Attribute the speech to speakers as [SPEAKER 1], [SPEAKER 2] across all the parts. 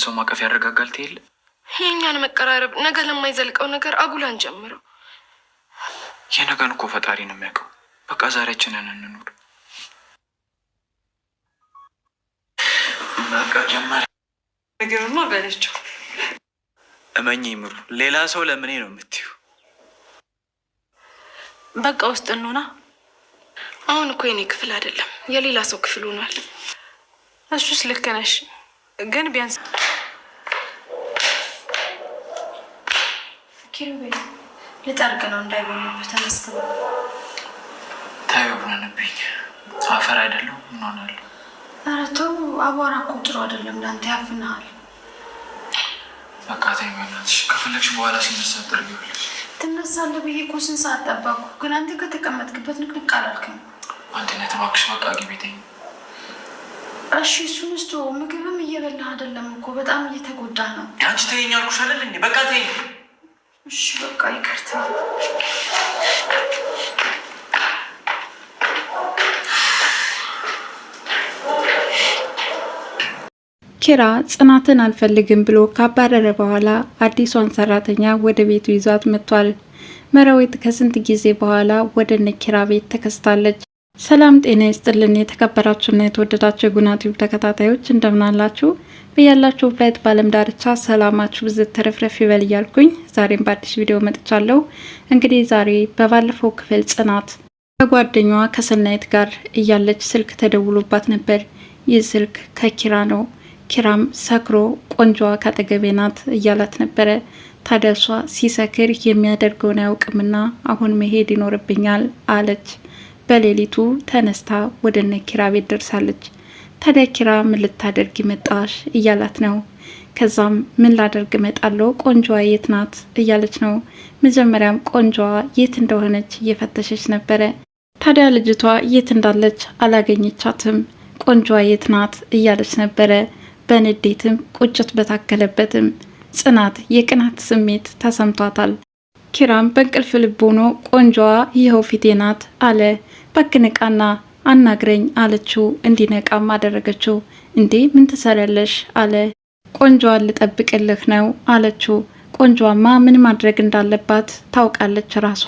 [SPEAKER 1] የአንድን ሰው ማቀፍ ያረጋጋል ትል
[SPEAKER 2] የእኛን መቀራረብ ነገ ለማይዘልቀው ነገር አጉላን ጀምረው።
[SPEAKER 1] የነገን እኮ ፈጣሪ ነው የሚያውቀው። በቃ ዛሬያችንን እንኑር።
[SPEAKER 2] ነገርማ በለችው።
[SPEAKER 1] እመኝ ይምሩ፣ ሌላ ሰው ለምኔ ነው የምትዩ?
[SPEAKER 2] በቃ ውስጥ እንሆና። አሁን እኮ የኔ ክፍል አይደለም የሌላ ሰው ክፍል ሆኗል። እሱስ ልክ ነሽ፣ ግን ቢያንስ ኪሩቤል ልጠርግ ነው እንዳይጎንብህ ተመስገን።
[SPEAKER 1] ታዩ ብናንብኝ አፈር አይደለሁ እንሆናለሁ።
[SPEAKER 2] ኧረ ተው አቧራ እኮ ጥሩ አይደለም ለአንተ ያፍናሃል።
[SPEAKER 1] በቃ ተይው በእናትሽ ከፈለግሽ በኋላ ሲነሳ ጠርጊዋለሽ።
[SPEAKER 2] ትነሳለህ ብዬ እኮ ስንት ሰዓት ጠበቅኩ፣ ግን አንተ ከተቀመጥክበት ንቅንቅ አላልክም።
[SPEAKER 1] አንድነት እባክሽ በቃ ግቢ ተይኝ።
[SPEAKER 2] እሺ እሱን ስቶ ምግብም እየበላህ አይደለም እኮ በጣም እየተጎዳህ ነው።
[SPEAKER 1] አንቺ ተይኝ አልኩሽ አይደል? በቃ ተይኝ
[SPEAKER 2] እሺ በቃ ይቅርታ።
[SPEAKER 3] ኪራ ጽናትን አልፈልግም ብሎ ካባረረ በኋላ አዲሷን ሰራተኛ ወደ ቤቱ ይዟት መጥቷል። መራዊት ከስንት ጊዜ በኋላ ወደ እነ ኪራ ቤት ተከስታለች። ሰላም ጤና ይስጥልን። የተከበራችሁና የተወደዳችሁ የጉና ቲዩብ ተከታታዮች እንደምናላችሁ በያላችሁበት በዓለም ዳርቻ ሰላማችሁ ብዝት ተረፍረፍ ይበል እያልኩኝ ዛሬም በአዲስ ቪዲዮ መጥቻለሁ። እንግዲህ ዛሬ በባለፈው ክፍል ጽናት ከጓደኛዋ ከሰናይት ጋር እያለች ስልክ ተደውሎባት ነበር። ይህ ስልክ ከኪራ ነው። ኪራም ሰክሮ ቆንጆዋ ከአጠገቤ ናት እያላት ነበረ። ታዲያ እሷ ሲሰክር የሚያደርገውን አያውቅምና አሁን መሄድ ይኖርብኛል አለች። በሌሊቱ ተነስታ ወደ ነኪራ ኪራ ቤት ደርሳለች። ታዲያ ኪራ ምን ልታደርግ መጣሽ እያላት ነው። ከዛም ምን ላደርግ እመጣለሁ ቆንጆዋ የት ናት እያለች ነው። መጀመሪያም ቆንጆዋ የት እንደሆነች እየፈተሸች ነበረ። ታዲያ ልጅቷ የት እንዳለች አላገኘቻትም። ቆንጆዋ የት ናት እያለች ነበረ። በንዴትም ቁጭት በታከለበትም ጽናት የቅናት ስሜት ተሰምቷታል። ኪራም በእንቅልፍ ልብ ሆኖ ቆንጆዋ ይኸው ፊቴ ናት አለ። በክንቃና አናግረኝ አለችው። እንዲነቃም አደረገችው። እንዴ ምን ትሰሪያለሽ አለ። ቆንጆዋን ልጠብቅልህ ነው አለችው። ቆንጆዋማ ምን ማድረግ እንዳለባት ታውቃለች ራሷ።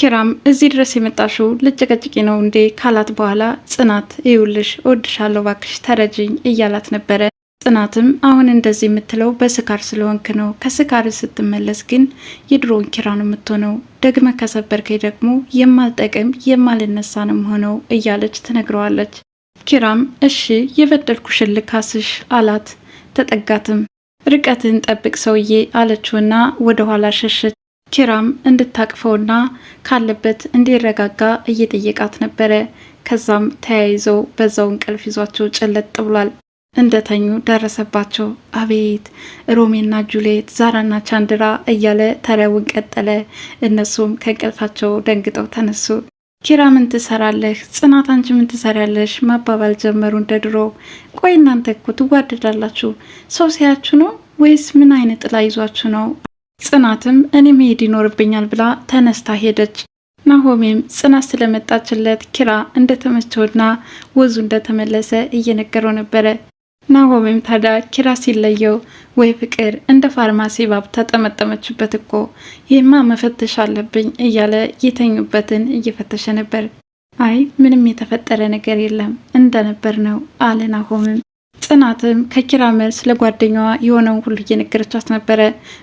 [SPEAKER 3] ኪራም እዚህ ድረስ የመጣሽው ልጨቀጭቂ ነው እንዴ ካላት በኋላ ጽናት ይውልሽ እወድሻለሁ፣ ባክሽ ተረጅኝ እያላት ነበረ። ጽናትም አሁን እንደዚህ የምትለው በስካር ስለሆንክ ነው። ከስካር ስትመለስ ግን የድሮውን ኪራ ነው የምትሆነው። ደግመ ከሰበርከኝ ደግሞ የማልጠቅም ነው ሆነው እያለች ትነግረዋለች። ኪራም እሺ የበደልኩሽን ልካስሽ አላት። ተጠጋትም። ርቀትን ጠብቅ ሰውዬ አለችውና ወደ ኋላ ሸሸች። ኪራም እንድታቅፈውና ካለበት እንዲረጋጋ እየጠየቃት ነበረ። ከዛም ተያይዘው በዛው እንቅልፍ ይዟቸው ጨለጥ ብሏል። እንደተኙ ደረሰባቸው። አቤት ሮሜና ጁሌት፣ ዛራና ቻንድራ እያለ ተረውን ቀጠለ። እነሱም ከእንቅልፋቸው ደንግጠው ተነሱ። ኪራ ምን ትሰራለህ? ጽናት አንቺ ምን ትሰሪያለሽ? መባባል ጀመሩ እንደ ድሮ። ቆይ እናንተ እኮ ትዋደዳላችሁ። ሰው ሲያችሁ ነው ወይስ ምን አይነት ጥላ ይዟችሁ ነው? ጽናትም እኔ መሄድ ይኖርብኛል ብላ ተነስታ ሄደች። ናሆሜም ጽናት ስለመጣችለት ኪራ እንደተመቸውና ወዙ እንደተመለሰ እየነገረው ነበረ። ናሆሜም ታዲያ ኪራ ሲለየው ወይ ፍቅር እንደ ፋርማሲ ባብ ተጠመጠመችበት እኮ ይህማ መፈተሽ አለብኝ እያለ የተኙበትን እየፈተሸ ነበር። አይ ምንም የተፈጠረ ነገር የለም እንደነበር ነው አለ ናሆምም። ጽናትም ከኪራ መልስ ለጓደኛዋ የሆነውን ሁሉ እየነገረቻት ነበረ።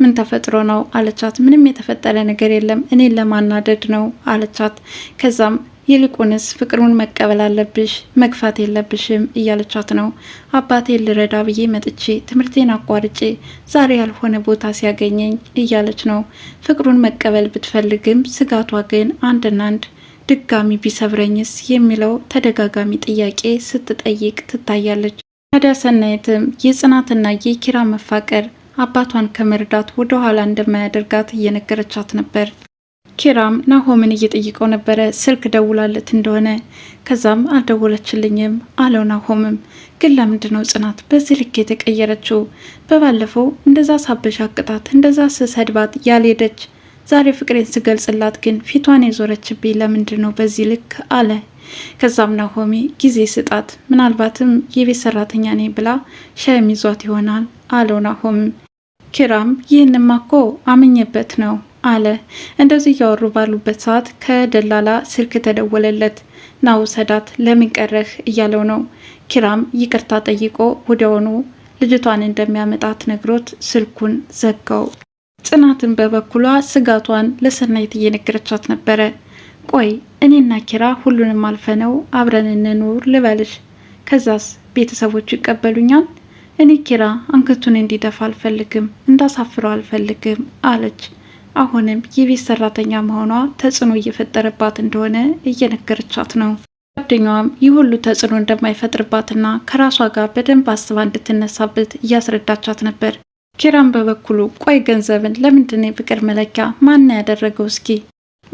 [SPEAKER 3] ምን ተፈጥሮ ነው አለቻት። ምንም የተፈጠረ ነገር የለም እኔን ለማናደድ ነው አለቻት። ከዛም ይልቁንስ ፍቅሩን መቀበል አለብሽ፣ መግፋት የለብሽም እያለቻት ነው። አባቴ ልረዳ ብዬ መጥቼ ትምህርቴን አቋርጬ ዛሬ ያልሆነ ቦታ ሲያገኘኝ እያለች ነው። ፍቅሩን መቀበል ብትፈልግም ስጋቷ ግን አንድና አንድ ድጋሚ ቢሰብረኝስ የሚለው ተደጋጋሚ ጥያቄ ስትጠይቅ ትታያለች። ታዲያ ሰናይትም የጽናትና የኪራ መፋቀር አባቷን ከመርዳት ወደ ኋላ እንደማያደርጋት እየነገረቻት ነበር። ኪራም ናሆምን እየጠየቀው ነበረ ስልክ ደውላለት እንደሆነ። ከዛም አልደወለችልኝም አለው ናሆምም። ግን ለምንድን ነው ጽናት በዚህ ልክ የተቀየረችው? በባለፈው እንደዛ ሳበሻቅጣት እንደዛ ስሰድባት ያልሄደች ዛሬ ፍቅሬን ስገልጽላት ግን ፊቷን የዞረችብኝ ለምንድን ነው በዚህ ልክ አለ። ከዛም ናሆሚ ጊዜ ስጣት፣ ምናልባትም የቤት ሰራተኛ ነኝ ብላ ሸሚዟት ይሆናል አለው ናሆምም። ኪራም ይህንማ እኮ አምኜበት ነው አለ። እንደዚህ እያወሩ ባሉበት ሰዓት ከደላላ ስልክ ተደወለለት። ናው ሰዳት ለምን ቀረህ እያለው ነው። ኪራም ይቅርታ ጠይቆ ወዲያውኑ ልጅቷን እንደሚያመጣት ነግሮት ስልኩን ዘጋው። ጽናትን በበኩሏ ስጋቷን ለሰናይት እየነገረቻት ነበረ። ቆይ እኔና ኪራ ሁሉንም አልፈነው አብረን እንኑር ልበልሽ፣ ከዛስ ቤተሰቦቹ ይቀበሉኛል? እኔ ኪራ አንገቱን እንዲደፋ አልፈልግም፣ እንዳሳፍረው አልፈልግም አለች። አሁንም የቤት ሰራተኛ መሆኗ ተጽዕኖ እየፈጠረባት እንደሆነ እየነገረቻት ነው። ጓደኛዋም ይህ ሁሉ ተጽዕኖ እንደማይፈጥርባትና ከራሷ ጋር በደንብ አስባ እንድትነሳበት እያስረዳቻት ነበር። ኪራም በበኩሉ ቆይ ገንዘብን ለምንድን የፍቅር መለኪያ? ማን ያደረገው? እስኪ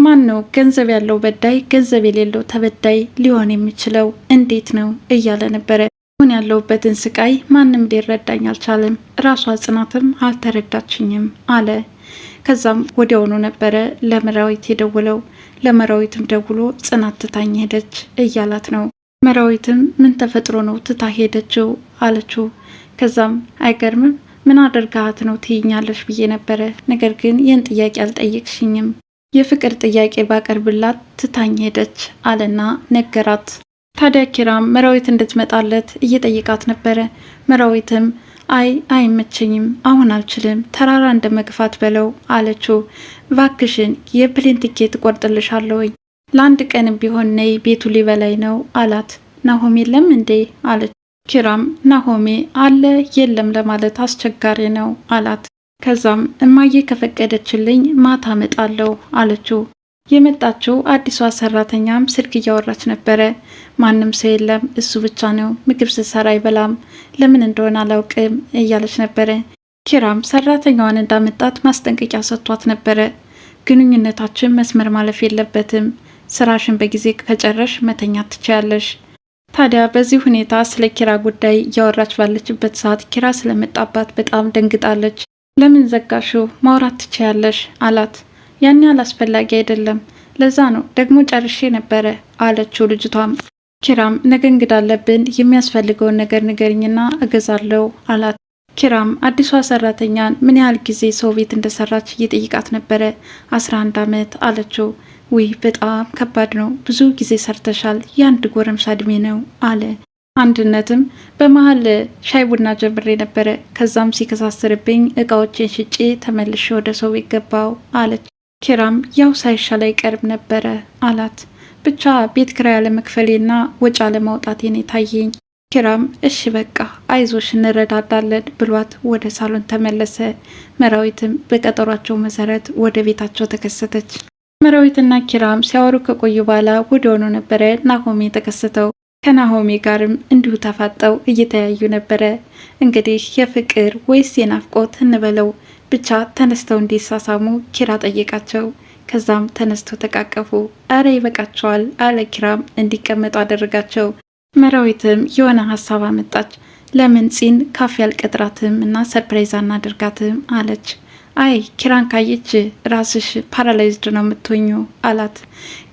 [SPEAKER 3] ማን ነው ገንዘብ ያለው በዳይ፣ ገንዘብ የሌለው ተበዳይ ሊሆን የሚችለው እንዴት ነው እያለ ነበረ። አሁን ያለሁበትን ስቃይ ማንም ሊረዳኝ አልቻለም፣ ራሷ ጽናትም አልተረዳችኝም አለ። ከዛም ወዲያውኑ ነበረ ለመራዊት የደውለው ለመራዊትም ደውሎ ጽናት ትታኝ ሄደች እያላት ነው። መራዊትም ምን ተፈጥሮ ነው ትታ ሄደችው አለችው። ከዛም አይገርምም ምን አደርጋት ነው ትይኛለሽ ብዬ ነበረ፣ ነገር ግን ይህን ጥያቄ አልጠየቅሽኝም። የፍቅር ጥያቄ ባቀርብላት ትታኝ ሄደች አለና ነገራት። ታዲያ ኪራም መራዊት እንድትመጣለት እየጠየቃት ነበረ። መራዊትም አይ አይመቸኝም፣ አሁን አልችልም፣ ተራራ እንደ መግፋት በለው አለችው። ቫክሽን የፕሌን ቲኬት ቆርጥልሻለሁኝ ለአንድ ቀን ቢሆን ነይ፣ ቤቱ ሊበላይ ነው አላት። ናሆሜ የለም እንዴ አለች። ኪራም ናሆሜ አለ የለም ለማለት አስቸጋሪ ነው አላት። ከዛም እማዬ ከፈቀደችልኝ ማታ መጣለሁ አለችው። የመጣችው አዲሷ ሰራተኛም ስልክ እያወራች ነበረ። ማንም ሰው የለም፣ እሱ ብቻ ነው። ምግብ ስሰራ አይበላም፣ ለምን እንደሆነ አላውቅም እያለች ነበረ። ኪራም ሰራተኛዋን እንዳመጣት ማስጠንቀቂያ ሰጥቷት ነበረ። ግንኙነታችን መስመር ማለፍ የለበትም፣ ስራሽን በጊዜ ከጨረሽ መተኛት ትችያለሽ። ታዲያ በዚህ ሁኔታ ስለ ኪራ ጉዳይ እያወራች ባለችበት ሰዓት ኪራ ስለመጣባት በጣም ደንግጣለች። ለምን ዘጋሽው? ማውራት ትችያለሽ አላት። ያን ያህል አስፈላጊ አይደለም። ለዛ ነው ደግሞ ጨርሼ ነበረ አለችው ልጅቷም። ኪራም ነገ እንግዳ አለብን የሚያስፈልገውን ነገር ንገርኝና እገዛለው አላት። ኪራም አዲሷ ሰራተኛን ምን ያህል ጊዜ ሰው ቤት እንደሰራች እየጠይቃት ነበረ። አስራ አንድ አመት አለችው። ውይ በጣም ከባድ ነው፣ ብዙ ጊዜ ሰርተሻል፣ የአንድ ጎረምሳ እድሜ ነው አለ። አንድነትም በመሀል ሻይ ቡና ጀምሬ ነበረ፣ ከዛም ሲከሳስርብኝ እቃዎችን ሽጬ ተመልሼ ወደ ሰው ቤት ገባው አለች። ኪራም ያው ሳይሻል አይቀርም ነበረ አላት። ብቻ ቤት ኪራይ አለመክፈሌና ወጪ አለማውጣቴን የታየኝ። ኪራም እሺ በቃ አይዞሽ እንረዳዳለን ብሏት ወደ ሳሎን ተመለሰ። መራዊትም በቀጠሯቸው መሰረት ወደ ቤታቸው ተከሰተች። መራዊትና ኪራም ሲያወሩ ከቆዩ በኋላ ወደሆኑ ነበረ ናሆሜ ተከስተው ከናሆሜ ጋርም እንዲሁ ተፋጠው እየተያዩ ነበረ። እንግዲህ የፍቅር ወይስ የናፍቆት እንበለው ብቻ ተነስተው እንዲሳሳሙ ኪራ ጠየቃቸው። ከዛም ተነስተው ተቃቀፉ። አረ ይበቃቸዋል አለ ኪራም እንዲቀመጡ አደረጋቸው። መራዊትም የሆነ ሀሳብ አመጣች። ለምን ጺን ካፌ አልቀጥራትም እና ሰርፕራይዝ አናደርጋትም አለች። አይ ኪራን ካየች ራስሽ ፓራላይዝድ ነው የምትሆኙ አላት።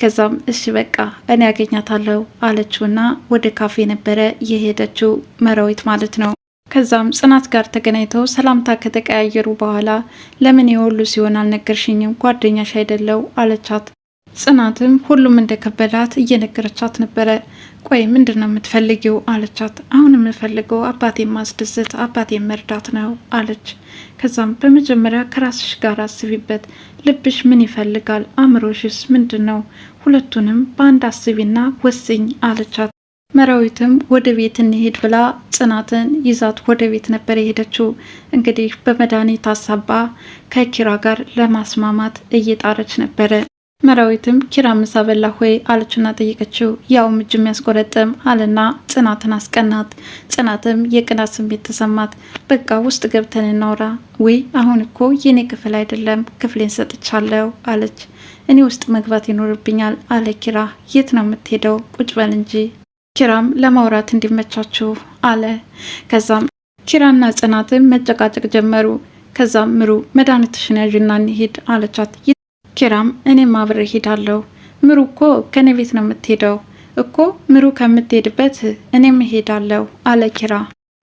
[SPEAKER 3] ከዛም እሺ በቃ እኔ ያገኛታለሁ አለችውና ወደ ካፌ ነበረ የሄደችው መራዊት ማለት ነው። ከዛም ጽናት ጋር ተገናኝተው ሰላምታ ከተቀያየሩ በኋላ ለምን የወሉ ሲሆን አልነገርሽኝም ጓደኛሽ አይደለው አለቻት። ጽናትም ሁሉም እንደከበዳት እየነገረቻት ነበረ። ቆይ ምንድን ነው የምትፈልጊው? አለቻት። አሁን የምፈልገው አባቴ ማስደሰት፣ አባቴ መርዳት ነው አለች። ከዛም በመጀመሪያ ከራስሽ ጋር አስቢበት። ልብሽ ምን ይፈልጋል? አእምሮሽስ ምንድን ነው? ሁለቱንም በአንድ አስቢና ወስኝ አለቻት። መራዊትም ወደ ቤት እንሄድ ብላ ጽናትን ይዛት ወደ ቤት ነበር የሄደችው። እንግዲህ በመድኃኒት አሳባ ከኪራ ጋር ለማስማማት እየጣረች ነበረ። መራዊትም ኪራ ምሳ በላ ሆይ አለችና ጠየቀችው። ያው ምጅ የሚያስቆረጥም አለና ጽናትን አስቀናት። ጽናትም የቅናት ስሜት ተሰማት። በቃ ውስጥ ገብተን እናውራ። ወይ አሁን እኮ የኔ ክፍል አይደለም ክፍሌን ሰጥቻለሁ አለች። እኔ ውስጥ መግባት ይኖርብኛል አለ ኪራ። የት ነው የምትሄደው? ቁጭ በል እንጂ ኪራም ለማውራት እንዲመቻችሁ አለ። ከዛም ኪራና ጽናትን መጨቃጨቅ ጀመሩ። ከዛም ምሩ መድኃኒትሽን ያዥና እንሂድ አለቻት። ኪራም እኔም አብሬ ሄዳለሁ፣ ምሩ እኮ ከኔ ቤት ነው የምትሄደው እኮ ምሩ ከምትሄድበት እኔም እሄዳለሁ አለ ኪራ።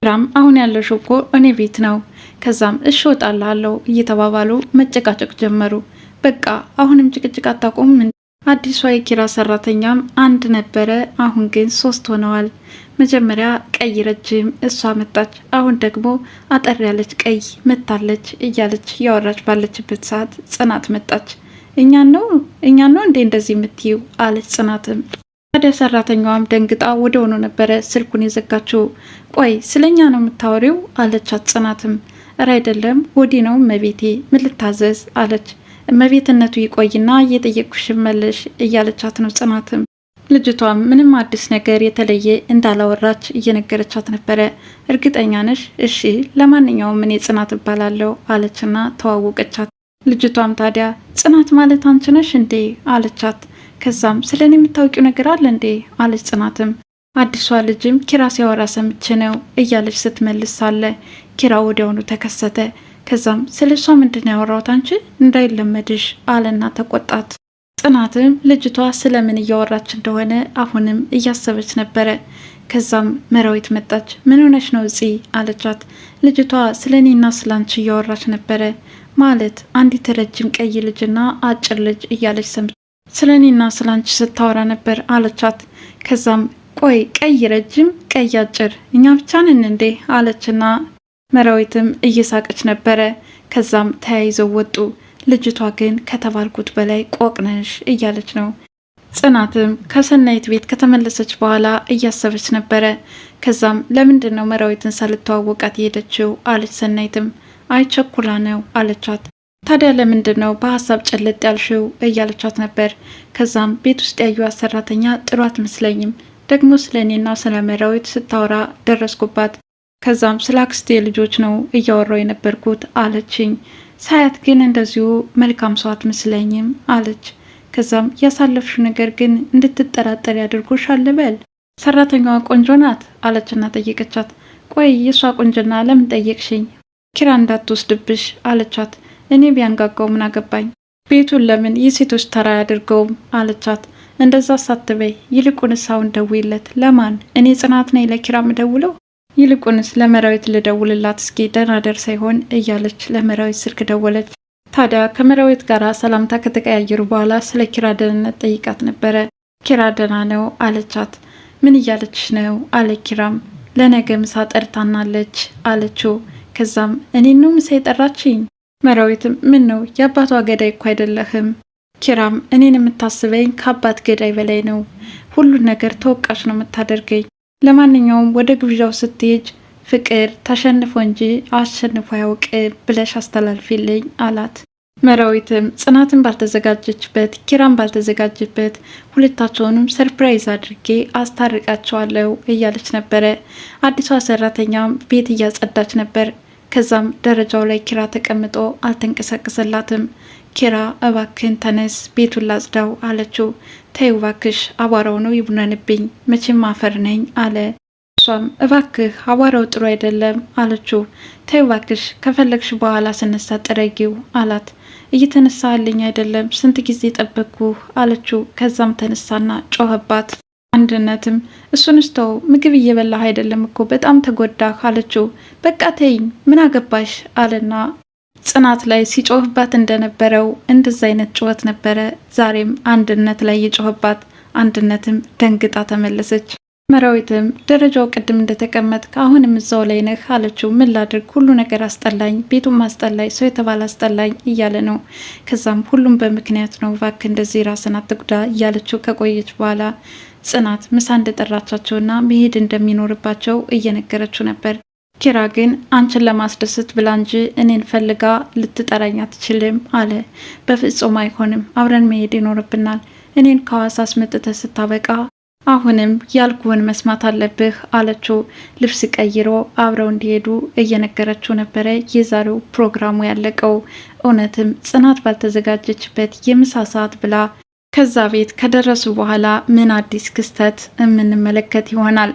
[SPEAKER 3] ኪራም አሁን ያለሽው እኮ እኔ ቤት ነው፣ ከዛም እሺ እወጣላለሁ እየተባባሉ መጨቃጨቅ ጀመሩ። በቃ አሁንም ጭቅጭቅ አታቆም አዲሷ የኪራ ሰራተኛም አንድ ነበረ፣ አሁን ግን ሶስት ሆነዋል። መጀመሪያ ቀይ ረጅም እሷ መጣች፣ አሁን ደግሞ አጠር ያለች ቀይ መታለች እያለች እያወራች ባለችበት ሰዓት ጽናት መጣች። እኛን ነው እኛን ነው እንዴ እንደዚህ የምትይው? አለች ጽናትም። ታዲያ ሰራተኛዋም ደንግጣ ወደ ሆኖ ነበረ ስልኩን የዘጋችው። ቆይ ስለኛ ነው የምታወሪው? አለቻት ጽናትም። እረ አይደለም ወዲ ነው መቤቴ፣ ምልታዘዝ አለች እመቤትነቱ ይቆይና እየጠየቅኩሽን መለሽ እያለቻት ነው ጽናትም ልጅቷም ምንም አዲስ ነገር የተለየ እንዳላወራች እየነገረቻት ነበረ። እርግጠኛ ነሽ? እሺ ለማንኛውም እኔ ጽናት እባላለሁ አለችና ተዋወቀቻት። ልጅቷም ታዲያ ጽናት ማለት አንቺ ነሽ እንዴ አለቻት። ከዛም ስለ እኔ የምታውቂው ነገር አለ እንዴ አለች ጽናትም። አዲሷ ልጅም ኪራ ሲያወራ ሰምቼ ነው እያለች ስትመልስ ሳለ ኪራ ወዲያውኑ ተከሰተ። ከዛም ስለ እሷ ምንድን ያወራሁት አንቺ እንዳይለመድሽ አለና ተቆጣት። ጽናትም ልጅቷ ስለምን እያወራች እንደሆነ አሁንም እያሰበች ነበረ። ከዛም መራዊት መጣች። ምን ሆነች ነው እጽ አለቻት። ልጅቷ ስለ እኔና ስለ አንቺ እያወራች ነበረ ማለት አንዲት ረጅም ቀይ ልጅና አጭር ልጅ እያለች ሰምች ስለ እኔና ስለ አንቺ ስታወራ ነበር አለቻት። ከዛም ቆይ ቀይ ረጅም፣ ቀይ አጭር እኛ ብቻ ነን እንዴ አለችና መራዊትም እየሳቀች ነበረ። ከዛም ተያይዘው ወጡ። ልጅቷ ግን ከተባልኩት በላይ ቆቅነሽ እያለች ነው። ጽናትም ከሰናይት ቤት ከተመለሰች በኋላ እያሰበች ነበረ። ከዛም ለምንድን ነው መራዊትን ሳልተዋወቃት የሄደችው አለች። ሰናይትም አይቸኩላ ነው አለቻት። ታዲያ ለምንድን ነው በሀሳብ ጨለጥ ያልሽው እያለቻት ነበር። ከዛም ቤት ውስጥ ያዩት ሰራተኛ ጥሩ አትመስለኝም፣ ደግሞ ስለ እኔና ስለ መራዊት ስታወራ ደረስኩባት ከዛም ስለ አክስቴ ልጆች ነው እያወራው የነበርኩት አለችኝ። ሳያት ግን እንደዚሁ መልካም ሰው አትመስለኝም አለች። ከዛም ያሳለፍሽ ነገር ግን እንድትጠራጠር ያድርጎሻል ልበል? ሰራተኛዋ ቆንጆ ናት አለችና ጠየቀቻት። ቆይ የእሷ ቆንጆና ለምን ጠየቅሽኝ? ኪራ እንዳትወስድብሽ አለቻት። እኔ ቢያንጋጋው ምን አገባኝ? ቤቱን ለምን የሴቶች ተራ ያደርገውም አለቻት። እንደዛ ሳትበይ ይልቁን አሁን ደውይለት። ለማን? እኔ ጽናት ነኝ ለኪራ ምደውለው ይልቁንስ ለመራዊት ልደውልላት እስኪ ደህና ደርሳ ይሆን እያለች ለመራዊት ስልክ ደወለች። ታዲያ ከመራዊት ጋር ሰላምታ ከተቀያየሩ በኋላ ስለ ኪራ ደህንነት ጠይቃት ነበረ። ኪራ ደህና ነው አለቻት። ምን እያለች ነው አለ ኪራም። ለነገ ምሳ ጠርታናለች አለችው። ከዛም እኔኑ ምሳ የጠራችኝ? መራዊትም ምን ነው የአባቷ ገዳይ እኮ አይደለህም። ኪራም እኔን የምታስበኝ ከአባት ገዳይ በላይ ነው። ሁሉን ነገር ተወቃሽ ነው የምታደርገኝ ለማንኛውም ወደ ግብዣው ስትሄጅ ፍቅር ተሸንፎ እንጂ አሸንፎ ያውቅ ብለሽ አስተላልፊልኝ አላት። መራዊትም ጽናትን ባልተዘጋጀችበት ኪራን ባልተዘጋጀበት ሁለታቸውንም ሰርፕራይዝ አድርጌ አስታርቃቸዋለሁ እያለች ነበረ። አዲሷ ሰራተኛም ቤት እያጸዳች ነበር። ከዛም ደረጃው ላይ ኪራ ተቀምጦ አልተንቀሳቀሰላትም። ኪራ እባክን ተነስ፣ ቤቱን ላጽዳው አለችው። ተይው እባክሽ አቧራው ነው ይቡነንብኝ፣ መቼም አፈር ነኝ አለ። እሷም እባክህ አቧራው ጥሩ አይደለም አለችው። ተይው እባክሽ ከፈለግሽ በኋላ ስነሳ ጥረጊው አላት። እየተነሳልኝ አይደለም ስንት ጊዜ ጠበቅኩህ አለችው። ከዛም ተነሳና ጮኸባት። አንድነትም እሱን ስተው ምግብ እየበላህ አይደለም እኮ በጣም ተጎዳህ አለችው። በቃ ተይኝ ምን አገባሽ አለና ጽናት ላይ ሲጮህባት እንደነበረው እንደዚ አይነት ጩኸት ነበረ ዛሬም አንድነት ላይ የጮህባት። አንድነትም ደንግጣ ተመለሰች። መራዊትም ደረጃው ቅድም እንደተቀመጥክ አሁንም እዛው ላይ ነህ አለችው። ምን ላድርግ ሁሉ ነገር አስጠላኝ፣ ቤቱም አስጠላኝ፣ ሰው የተባለ አስጠላኝ እያለ ነው። ከዛም ሁሉም በምክንያት ነው፣ እባክህ እንደዚህ ራስን አትጉዳ እያለችው ከቆየች በኋላ ጽናት ምሳ እንደጠራቻቸውና መሄድ እንደሚኖርባቸው እየነገረችው ነበር። ኪራ ግን አንቺን ለማስደሰት ብላ እንጂ እኔን ፈልጋ ልትጠራኝ አትችልም አለ። በፍጹም አይሆንም፣ አብረን መሄድ ይኖርብናል። እኔን ከሐዋሳ አስመጥተህ ስታበቃ አሁንም ያልኩህን መስማት አለብህ አለችው። ልብስ ቀይሮ አብረው እንዲሄዱ እየነገረችው ነበረ። የዛሬው ፕሮግራሙ ያለቀው እውነትም ጽናት ባልተዘጋጀችበት የምሳ ሰዓት ብላ ከዛ ቤት ከደረሱ በኋላ ምን አዲስ ክስተት የምንመለከት ይሆናል?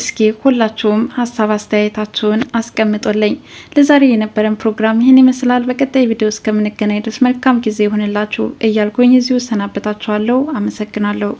[SPEAKER 3] እስኪ ሁላችሁም ሀሳብ አስተያየታችሁን አስቀምጦለኝ። ለዛሬ የነበረን ፕሮግራም ይህን ይመስላል። በቀጣይ ቪዲዮ እስከምንገናኝ ድረስ መልካም ጊዜ ይሆንላችሁ እያልኩኝ እዚሁ እሰናበታችኋለሁ። አመሰግናለሁ።